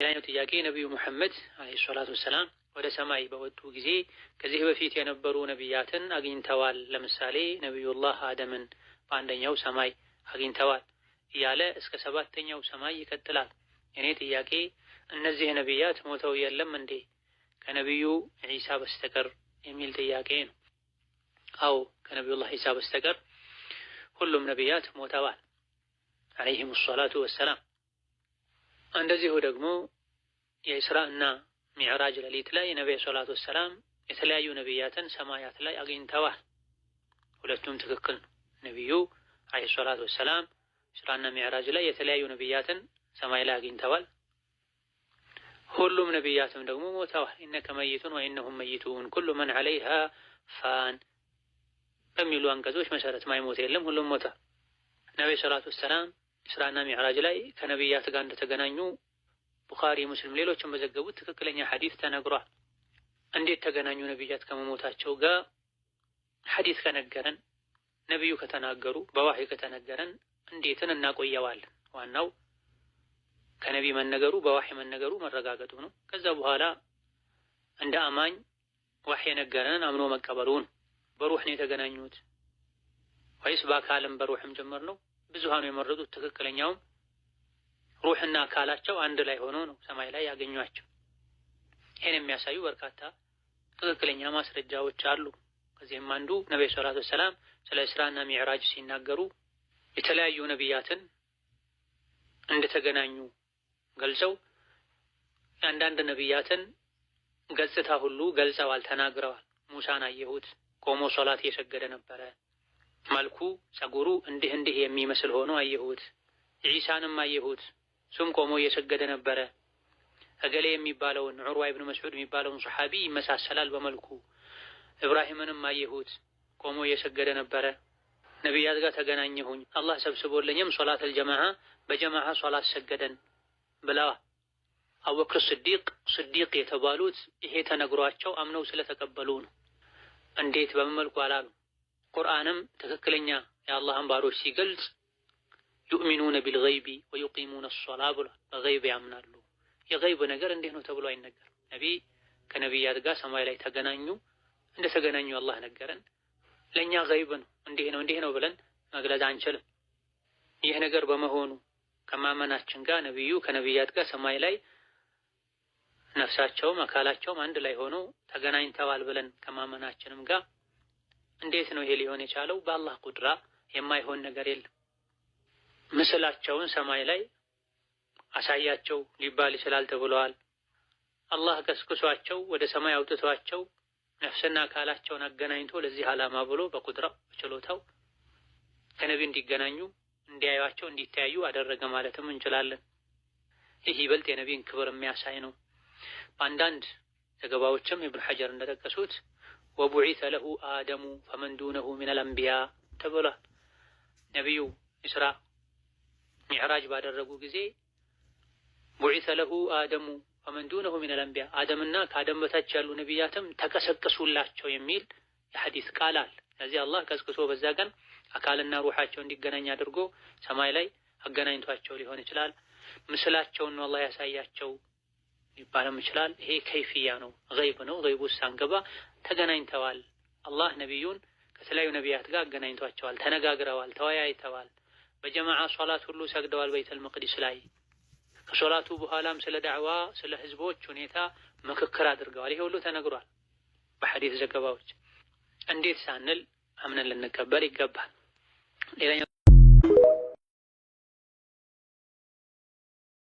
ሌላኛው ጥያቄ ነቢዩ ሙሐመድ አለይሂ ሰላቱ ወሰላም ወደ ሰማይ በወጡ ጊዜ ከዚህ በፊት የነበሩ ነቢያትን አግኝተዋል። ለምሳሌ ነቢዩላህ አደምን በአንደኛው ሰማይ አግኝተዋል እያለ እስከ ሰባተኛው ሰማይ ይቀጥላል። የኔ ጥያቄ እነዚህ ነቢያት ሞተው የለም እንዴ ከነቢዩ ዒሳ በስተቀር የሚል ጥያቄ ነው። አዎ ከነቢዩላህ ዒሳ በስተቀር ሁሉም ነቢያት ሞተዋል አለይሂም ሰላቱ ወሰላም። እንደዚሁ ደግሞ የኢስራ እና ሚዕራጅ ሌሊት ላይ የነቢዩ ሰላት ወሰላም የተለያዩ ነቢያትን ሰማያት ላይ አግኝተዋል። ሁለቱም ትክክል ነው። ነቢዩ አለይሂ ሰላት ወሰላም ኢስራና ሚዕራጅ ላይ የተለያዩ ነቢያትን ሰማይ ላይ አግኝተዋል። ሁሉም ነቢያትም ደግሞ ሞተዋል። ኢነከ መይቱን ወኢነሁም መይቱን ኩሉ መን ዐለይሃ ፋን በሚሉ አንቀጾች መሰረት ማይሞት የለም። ሁሉም ሞተ። ነቢዩ ሰላት ወሰላም ስራና ሚዕራጅ ላይ ከነቢያት ጋር እንደተገናኙ ቡኻሪ፣ ሙስሊም ሌሎችም በዘገቡት ትክክለኛ ሐዲስ ተነግሯል። እንዴት ተገናኙ ነቢያት ከመሞታቸው ጋር? ሐዲስ ከነገረን ነቢዩ ከተናገሩ በዋህይ ከተነገረን እንዴትን እናቆየዋለን። ዋናው ከነቢ መነገሩ በዋህይ መነገሩ መረጋገጡ ነው። ከዛ በኋላ እንደ አማኝ ዋህይ የነገረንን አምኖ መቀበሉን። በሩህ ነው የተገናኙት ወይስ በአካልም በሩህም ጀመር ነው? ብዙሃኑ የመረጡት ትክክለኛውም ሩህና አካላቸው አንድ ላይ ሆኖ ነው ሰማይ ላይ ያገኟቸው። ይህን የሚያሳዩ በርካታ ትክክለኛ ማስረጃዎች አሉ። ከዚህም አንዱ ነቢዩ ሰላቱ ወሰላም ስለ እስራና ሚዕራጅ ሲናገሩ የተለያዩ ነቢያትን እንደተገናኙ ገልጸው የአንዳንድ ነቢያትን ገጽታ ሁሉ ገልጸዋል፣ ተናግረዋል። ሙሳን አየሁት ቆሞ ሶላት እየሰገደ ነበረ መልኩ ጸጉሩ እንዲህ እንዲህ የሚመስል ሆኖ አየሁት። ዒሳንም አየሁት፣ እሱም ቆሞ እየሰገደ ነበረ። እገሌ የሚባለውን ዑርዋ ኢብኑ መስዑድ የሚባለውን ሰሓቢ ይመሳሰላል በመልኩ። ኢብራሂምንም አየሁት፣ ቆሞ እየሰገደ ነበረ። ነቢያት ጋር ተገናኘሁኝ፣ አላህ ሰብስቦልኝም ሶላት አልጀማዓ በጀማዓ ሶላት ሰገደን ብላ አቡበክር ስዲቅ ስዲቅ የተባሉት ይሄ ተነግሯቸው አምነው ስለተቀበሉ ነው። እንዴት በምን መልኩ አላሉ። ቁርአንም ትክክለኛ የአላህን ባሮች ሲገልጽ ዩእሚኑነ ቢልገይቢ ወዩቂሙነ ሶላ ብሏል። በገይብ ያምናሉ። የገይብ ነገር እንዴት ነው ተብሎ አይነገርም። ነቢይ ከነቢያት ጋር ሰማይ ላይ ተገናኙ። እንደ ተገናኙ አላህ ነገረን። ለእኛ ገይብ ነው፣ እንዲህ ነው እንዲህ ነው ብለን መግለጽ አንችልም። ይህ ነገር በመሆኑ ከማመናችን ጋር ነቢዩ ከነቢያት ጋር ሰማይ ላይ ነፍሳቸውም አካላቸውም አንድ ላይ ሆኖ ተገናኝተዋል ብለን ከማመናችንም ጋር እንዴት ነው ይሄ ሊሆን የቻለው? በአላህ ቁድራ የማይሆን ነገር የለም። ምስላቸውን ሰማይ ላይ አሳያቸው ሊባል ይችላል ተብለዋል። አላህ ቀስቅሷቸው ወደ ሰማይ አውጥቷቸው ነፍስና አካላቸውን አገናኝቶ ለዚህ ዓላማ ብሎ በቁድራው በችሎታው ከነቢ እንዲገናኙ እንዲያዩቸው እንዲተያዩ አደረገ ማለትም እንችላለን። ይህ ይበልጥ የነቢን ክብር የሚያሳይ ነው። በአንዳንድ ዘገባዎችም ኢብኑ ሐጀር እንደጠቀሱት ወቡዒሰ ለሁ አደሙ ፈመን ዱነሁ ሚነል አንቢያ ተብሏል። ነቢዩ ኢስራ ሚዕራጅ ባደረጉ ጊዜ ቡዒሰ ለሁ አደሙ ፈመን ዱነሁ ሚነል አንቢያ አደምና ከአደም በታች ያሉ ነቢያትም ተቀሰቀሱላቸው የሚል የሐዲስ ቃል አለ። ስለዚህ አላህ ቀስቅሶ በዛ ቀን አካልና ሩሓቸው እንዲገናኝ አድርጎ ሰማይ ላይ አገናኝቷቸው ሊሆን ይችላል። ምስላቸውን ነው አላህ ያሳያቸው ሊባልም ይችላል። ይሄ ከይፍያ ነው፣ ገይብ ነው። ገይብ ውስጥ ሳንገባ ተገናኝተዋል። አላህ ነቢዩን ከተለያዩ ነቢያት ጋር አገናኝቷቸዋል፣ ተነጋግረዋል፣ ተወያይተዋል። በጀማዓ ሶላት ሁሉ ሰግደዋል በይተል መቅዲስ ላይ። ከሶላቱ በኋላም ስለ ዳዕዋ፣ ስለ ህዝቦች ሁኔታ ምክክር አድርገዋል። ይሄ ሁሉ ተነግሯል በሐዲስ ዘገባዎች። እንዴት ሳንል አምነን ልንቀበል ይገባል። ሌላኛው